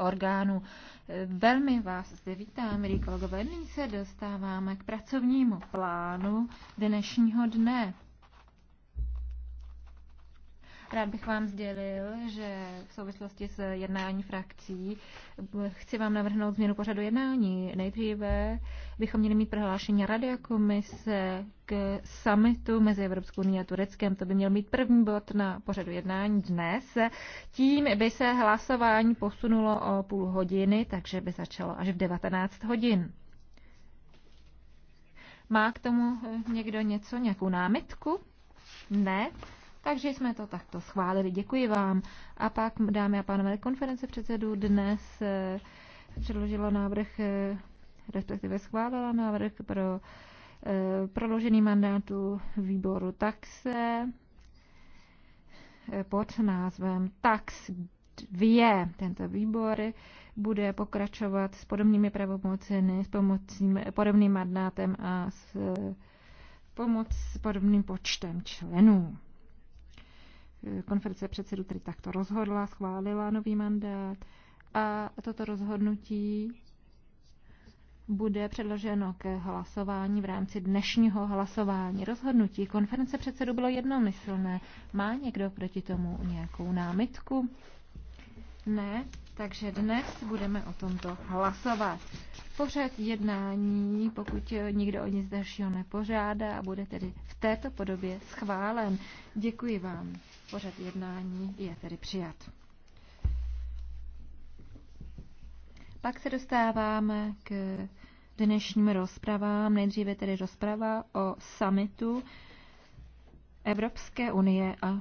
orgánů. Velmi vás zde vítám, milí kolegové. Nyní se dostáváme k pracovnímu plánu dnešního dne. Rád bych vám sdělil, že v souvislosti s jednání frakcí chci vám navrhnout změnu pořadu jednání. Nejdříve bychom měli mít prohlášení Rady a komise k summitu mezi Evropskou unii a Tureckem. To by měl mít první bod na pořadu jednání dnes. Tím by se hlasování posunulo o půl hodiny, takže by začalo až v 19 hodin. Má k tomu eh, někdo něco, nějakou námitku? Ne? Takže jsme to takto schválili. Děkuji vám. A pak, dámy a pánové, konference předsedů dnes eh, předložilo návrh eh, respektive schválila návrh pro e, eh, proložený mandátu výboru taxe eh, pod názvem Tax 2. Tento výbor bude pokračovat s podobnými pravomocemi, s pomocí, podobným mandátem a s eh, pomoc s podobným počtem členů. Konference předsedů tedy takto rozhodla, schválila nový mandát a toto rozhodnutí bude předloženo k hlasování v rámci dnešního hlasování. Rozhodnutí konference předsedu bylo jednomyslné. Má někdo proti tomu nějakou námitku? Ne, takže dnes budeme o tomto hlasovat. Pořád jednání, pokud nikdo o nic dalšího nepožádá a bude tedy v této podobě schválen. Děkuji vám. Pořád jednání je tedy přijat. Pak se dostáváme k dnešním rozpravám. Nejdříve tedy rozprava o summitu Evropské unie a